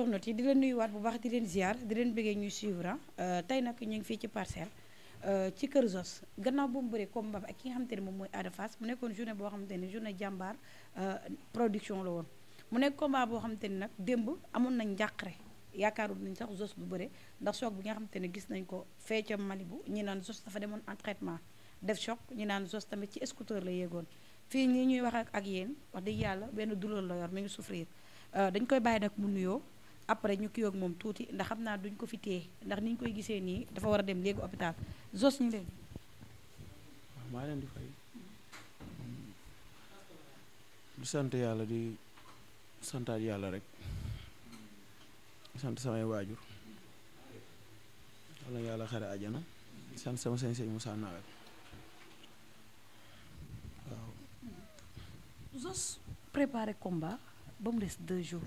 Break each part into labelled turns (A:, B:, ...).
A: internet di leen nuyuwaat bu baax di leen ziar di leen bëggee ñuy suivre euh, tey nag ñu ngi fii ci parcelle euh, ci kër Zos gannaaw bu mu bëree combat ak ki xam xamante ne moom mooy Ada Fass mu nekkoon journée boo xamante ne journée jàmbaar euh, production la woon mu nekk combat boo xamante ne nag démb amoon nañ njàqare yaakaarul nañ sax Zos bu bëre ndax choc bi nga xamante ne gis nañ ko fee ca Malibu ñi naan Zos dafa demoon en def choc ñi naan Zos tamit ci scooter la yéegoon fii nii ñuy wax ak ak yéen wax dëgg yàlla benn douleur la yor mi ngi souffrir dañ koy bàyyi nag mu nuyoo après ñu kii ak moom tuuti ndax xam naa duñ ko fi téye ndax ni ñu koy gisee nii dafa war a dem léegi hôpital Zoss ñu leen.
B: waaw ah, maa sant yàlla di santaat yàlla rek sant samay waajur wala yàlla xare àjjana di sant sama sëñ sëñ Moussa Nawel waaw.
A: préparé combat ba mu des deux jours.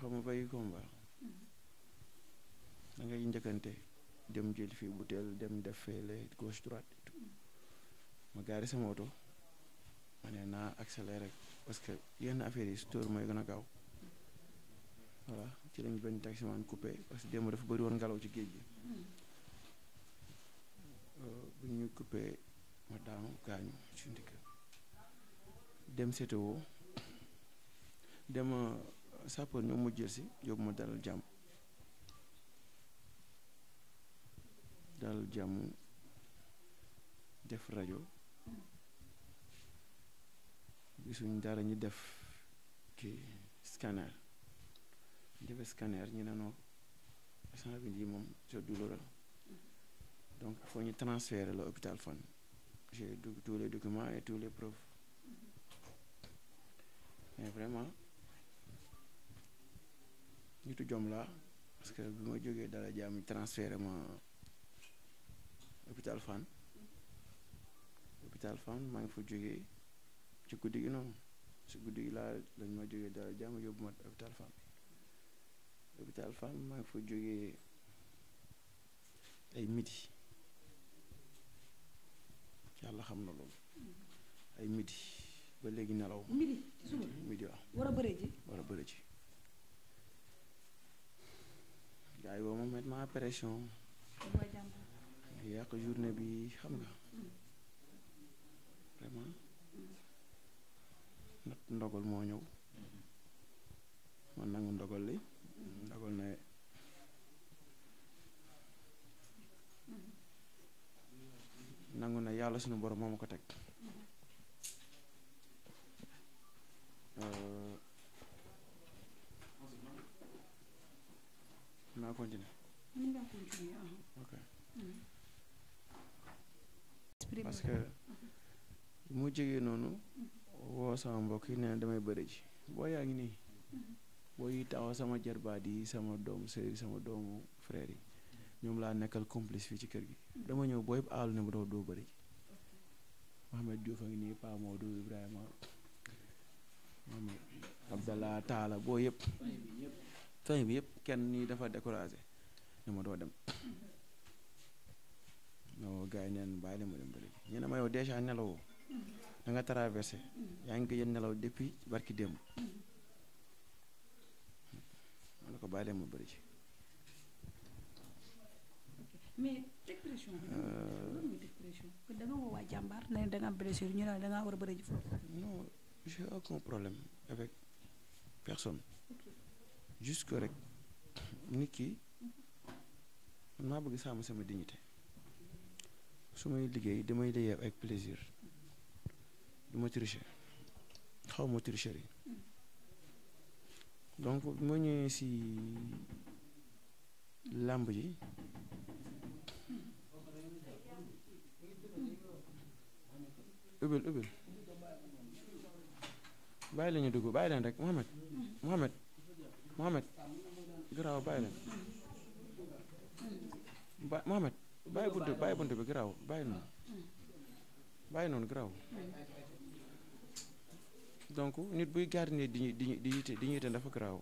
B: xaw ma bay combat da njëkkante dem jël fii butéel dem def feele gauche droite et tout ma gaari sama oto ma ne naa accéléré rek parce que yenn affaire yi stoor mooy gën a gaaw voilà ci lañ benn taximan coupé parce que dafa bëri woon ngelaw ci géej gi euh, bu ñu coupé ma daanu gaañu ci ndigg dem seetewoo dem euh, sapeur ñoom mu jël si yóbbu ma dalal jàmm daal jàmm def rajo gisuñ dara ñu def kii scanner ñu defee scanner ñu ne non sang bi lii moom c'est douloureux la donc foo ñu transférer la hôpital fan j'ai tous les documents et tous les preuves mais vraiment nitu jom laa parce que bi ma jógee dara jaam transféré ma hôpital Fann hôpital Fann maa ngi fa jógee ci guddi gi noonu si guddi gi laa lañ ma jógee dara jaam yóbbu ma hôpital Fann hôpital Fann maa ngi fa jógee ay midi yàlla xam na loolu ay midi ba léegi nelaw midi war a bëre ji gars yi boo ma mettre ma yàq journée bi xam na vraiment. ndogal moo ñëw. man nangu ndogal li. ndogal ne. nangu ne yàlla suñu borom moo ma ko teg. naa continuer.
A: Ah. Mm. que
B: mu jege noonu. woo sama mbokk yi ne damay bëri ji boo yaa ngi nii. Mm-hmm. boo yi taxaw sama jarbaat yi sama doomu sœur sama doomu frère yi ñoom laa nekkal complice fii ci kër gi. Mm-hmm. dama ñëw boo yëpp aalu ne bu doo bëri ji. Mohamed Diouf a ngi nii Pa Modou Ibrahima Mohamed Abdallah Taala boo yëpp. famille bi yëpp kenn nii dafa découragé ni ma doo dem non gars yi neen bàyyi la ma dem ba léegi ñu ne ma yow dèjà nelawoo da nga ngi gëj nelaw depuis barki démb ma ne ko bàyyi la ma bëri
A: euh, jàmbaar ne da nga am blessure war a bëri ji foofu. non
B: j'ai aucun problème avec personne. juste que rek nit ki man maa bëgg sàmm sama dignité su may liggéey damay liggéey ak plaisir du ma tricher xaw ma yi donc moo ñëwee si làmb yi ubbil ubbil bàyyi la ñu dugg bàyyi leen rek Mohamed Mohamed Mohamed garaaw bàyyi leen
C: ba Mohamed bàyyi bunt bàyyi bi
B: garaaw bàyyi noonu bàyyi noonu garaaw donc nit buy garder nit di di di yite di yite dafa garaaw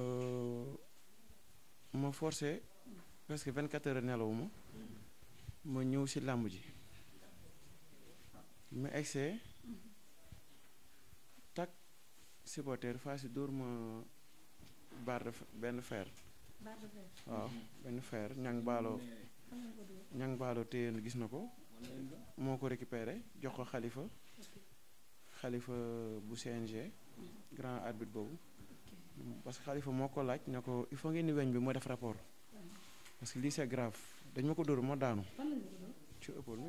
B: euh, ma forcé presque 24 heures nelawuma ma ñëw si làmb ji ma egsee supporter Fass dóor ma barre benn fer. waaw mhm. benn fer ñang baaloo ñang baaloo téye gis na ko. moo ko récupéré jox ko xalifa. xalifa bu CNG. Mhm. grand arbitre boobu. parce que xalifa moo ko laaj ne ko il faut ngeen weñ bi moo def rapport. Mhm. parce que lii c'est grave dañ ma ko dóor ma daanu. ci ëppoon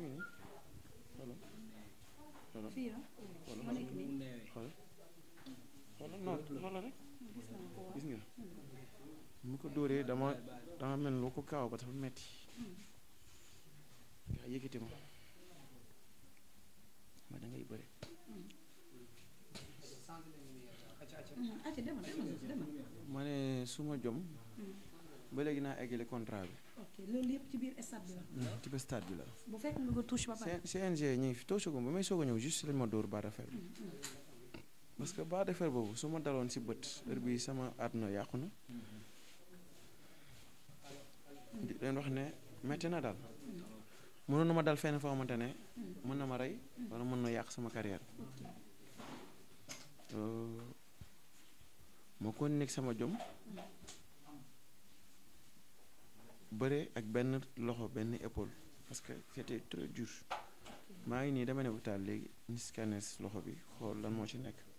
B: la non loolu la rek gis nga mu ko dóoree dama dama mel lu ko kaaw ba dafa metti nga hmm. yëkkati ma ma da ngay bëri ma ne suma jom hmm. ba léegi naa eggale contrat bi.
A: ci biir stade bi
B: la. Hmm, bi la.
A: bu fekk nga
B: CNG ñu ngi fi touche ko ba may soog a ñëw juste lañ ma dóor ba rafet. parce que ba defar boobu su ma daloon si bët heure sama àdduna yàqu na leen wax ne metti na daal mënoon na ma dal fenn foo xamante ne mën na ma rey wala mën na yàq sama carrière moo kon nekk sama jom bëre ak benn loxo benn épaule parce que c'était très maa ngi nii dama ne hôpital léegi ñu scanner loxo bi xool lan moo ci nekk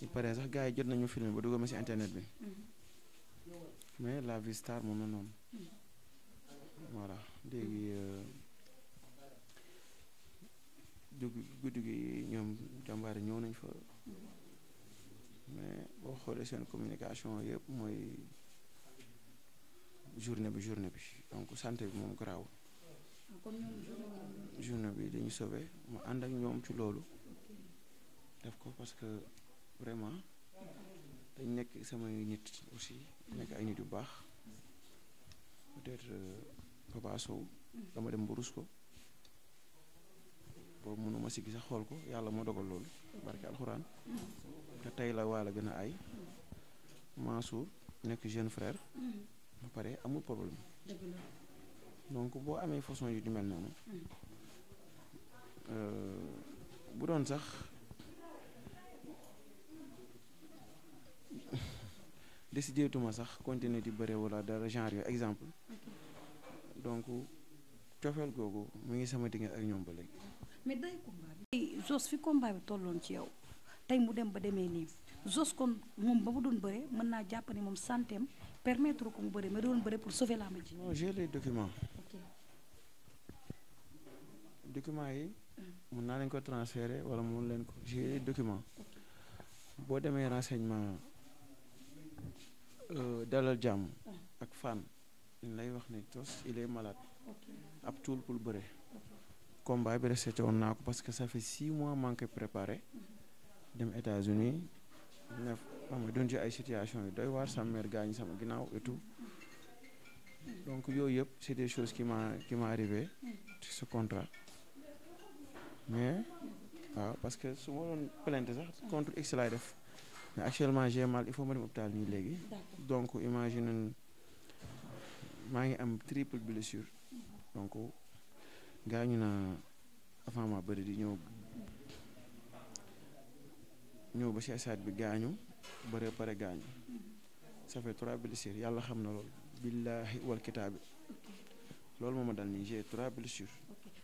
B: il paraît sax gaay jot nañu filmé ba dugal ma si internet bi mm-hmm. mais la vie star moom la mm-hmm. voilà léegi euh, dugg guddi gi ñoom jàmbaar ñëw nañ fa mm-hmm. mais boo xoolee seen communication yëpp mooy journée bi journée bi donc santé bi moom garaaw
C: ah,
A: journée
B: bi dañu sauvé mu ànd ak ñoom ci loolu def ko parce que vraiment dañ nekk samay nit aussi nekk ay nit yu baax peut-être euh, Papa dama dem ba ko boobu mënuma si gis sax xool ko yàlla moo dogal loolu barke alxuraan te tey la waa la gën a ay Mansour nekk jeune frère ba pare amul problème donc boo amee façon yu di mel noonu euh, bu doon sax décidé tuma sax continuer di bëre wala dara genre yooyu exemple donc cofeel googu mu ngi sama diggante ak ñoom ba léegi.
A: mais day combat bi. Zoss fi combat bi tolloon ci yow tey mu dem ba demee ni Zoss kon mom ba mu doon bëre mën naa jàpp ne moom santeem permettre ko mu bëre mais doon bëre pour sauver lamb ji. non j'ai les documents. ok
B: documents yi. Mm. mun na len ko transférer wala mun len ko j'ai les documents bo demee renseignement. Euh, dalal jàmm ak fan ñu wax ne tos il est ab tuul pour bëre combat bi reseté woon naa ko parce que ça fait six mois manqué préparé mm-hmm. dem États-Unis ne xam nga dund ci ay situation yu doy waar sama mère mm-hmm. donc yooyu yëpp c'est des choses qui m'a qui m'a mm-hmm. contrat mais waaw parce que su ma doon plainte sax contre x laay def mais actuellement j'ai mal il faut ma dem hôpital nii léegi. donc imagine maa ngi am triple blessure. Mhm. donc gaañu naa avant ma bëri di ñëw ñëw ba si stade bi gaañu bëre pare gaañu. Mhm. ça fait trois blessures yàlla xam na loolu. billaahi wal kitaabi loolu moo ma dal nii j'ai trois blessures.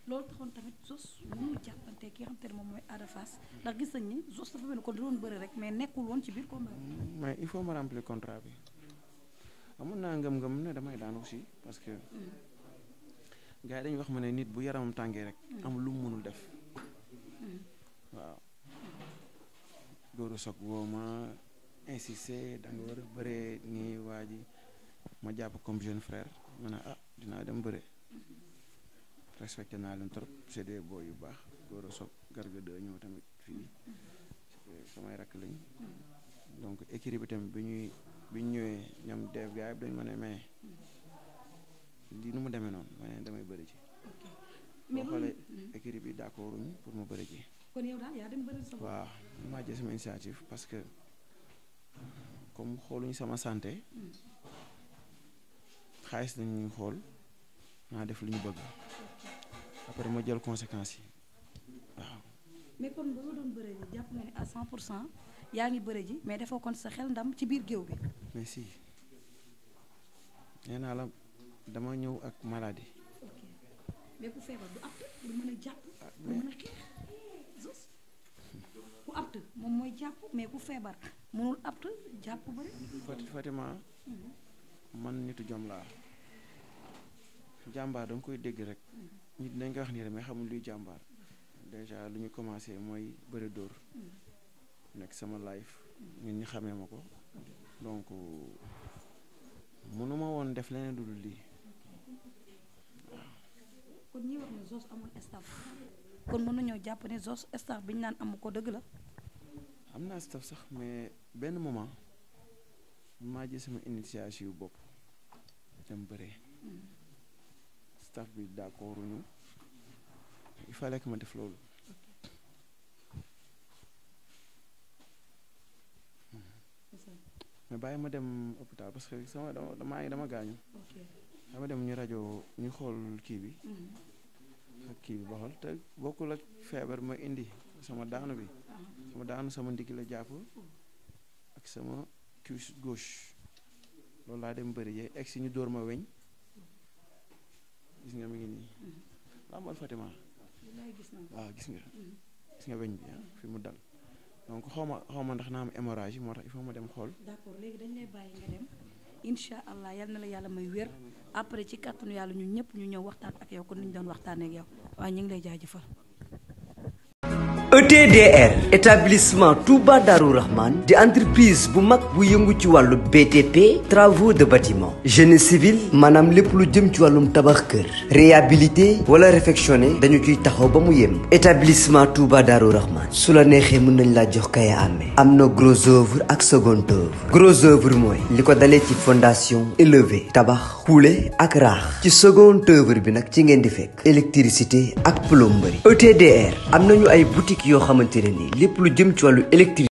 A: loolu taxoon tamit Zoss mu jàppante ki xam te ne moom mooy Ada Fass ndax gis nañ ni Zoss dafa mel kon da doon bëri rek mais nekkul woon ci biir combat
B: mais il faut ma remplir contrat bi amoon naa ngëm-ngëm ne damay daan aussi parce que
C: mm.
B: gars yi dañuy wax ma ne nit bu yaramam tàngee rek mm. amul lu mu mënul def mm. waaw dóoru soog woo ma insisté da nga war a bëree nii waa ma jàpp comme jeune frère ma ne ah dinaa dem bëree mm-hmm. respecté naa leen trop c'est des boy yu baax góor a soog garga de ñëw tamit fii samay rakk lañ donc équipe bi tamit bi ñuy bi ñëwee ñoom def gars yi dañ ma ne mais lii nu mu demee noonu ma ne damay bëri ci. mais boo xoolee hmm. équipe bi d'accord uñ pour mu bëri ci.
A: kon yow daal sama. waaw
B: maa jël sama parce que comme xooluñ sama santé hmm. xaalis nañ ñu xool naa def li ñu bëgg. après ma jël conséquences yi
A: waaw. mais à 100 pour cent yaa ngi bëre ji mais defoo kon sa xel ndam ci biir géew bi.
B: mais si naa la dama ñëw ak maladie.
C: ok
B: mais
A: ah, moom mooy jàpp mais ku feebar mënul apte jàpp bëri.
B: Fati Fatima. Mhm. man nitu jom laa jàmbaar danga koy dégg rek. Mhm. ñi dinañ ko wax nii rek mais xamuñ luy jàmbaar déjà lu ñu commencé mooy bëri dóor nekk sama life ñun ñu xamee ma ko donc mënuma woon def leneen du dul lii
A: waaw. kon ñi wax ne kon mënuñoo jàpp ne Zoss staff bi ñu naan
B: amu ko dëgg la. am naa staff sax mais benn moment maa jël sama initiative yu bopp dem bëree. Mm. staff bi d'accord ñu il fallait que ma def loolu. mais bàyyi ma dem hôpital parce sama dama maa ngi dama gaañu. dama dem ñu rajo ñu xool kii bi.
C: Mhm.
B: ak kii bi ba xool te bokkul ak feebar ma indi sama daanu bi. Ah. sama daanu sama ndigg la jàpp ak sama cuisse gauche loolu laa dem bëri yee egg ñu dóor ma weñ. gis nga mi ngi nii mm-hmm. làmbal Fatima
C: waaw gis nga
B: mm-hmm. gis nga weñ bi ah, fi mu dal donc xaw ma xaw ma ndax naa am hémorragie moo tax il faut ma dem xool.
A: d'accord léegi dañ lay bàyyi nga dem allah yal na la yàlla may wér après ci kàttanu yàlla ñu ñëpp ñu ñëw waxtaan ak yow kon ni ñu doon waxtaanee ak yow waaye ñu ngi lay jaajëfal.
C: ETDR établissement Touba Darou Rahman di entreprise bu mag bu ci BTP travaux de
B: bâtiment génie civil manam lépp lu jëm ci réhabilité wala réfectionné dañu ciy taxaw ba établissement Touba Darou Rahman Soula la neige mën nañ laa jox kaya gros œuvre ak second œuvre gros œuvre moi li ko ci fondation
C: élevée tabac xuule ak raax ci second œuvre bi électricité ak plomberie ETDR am ay boutique yo xamante ne nii lu jëm ci walu électrique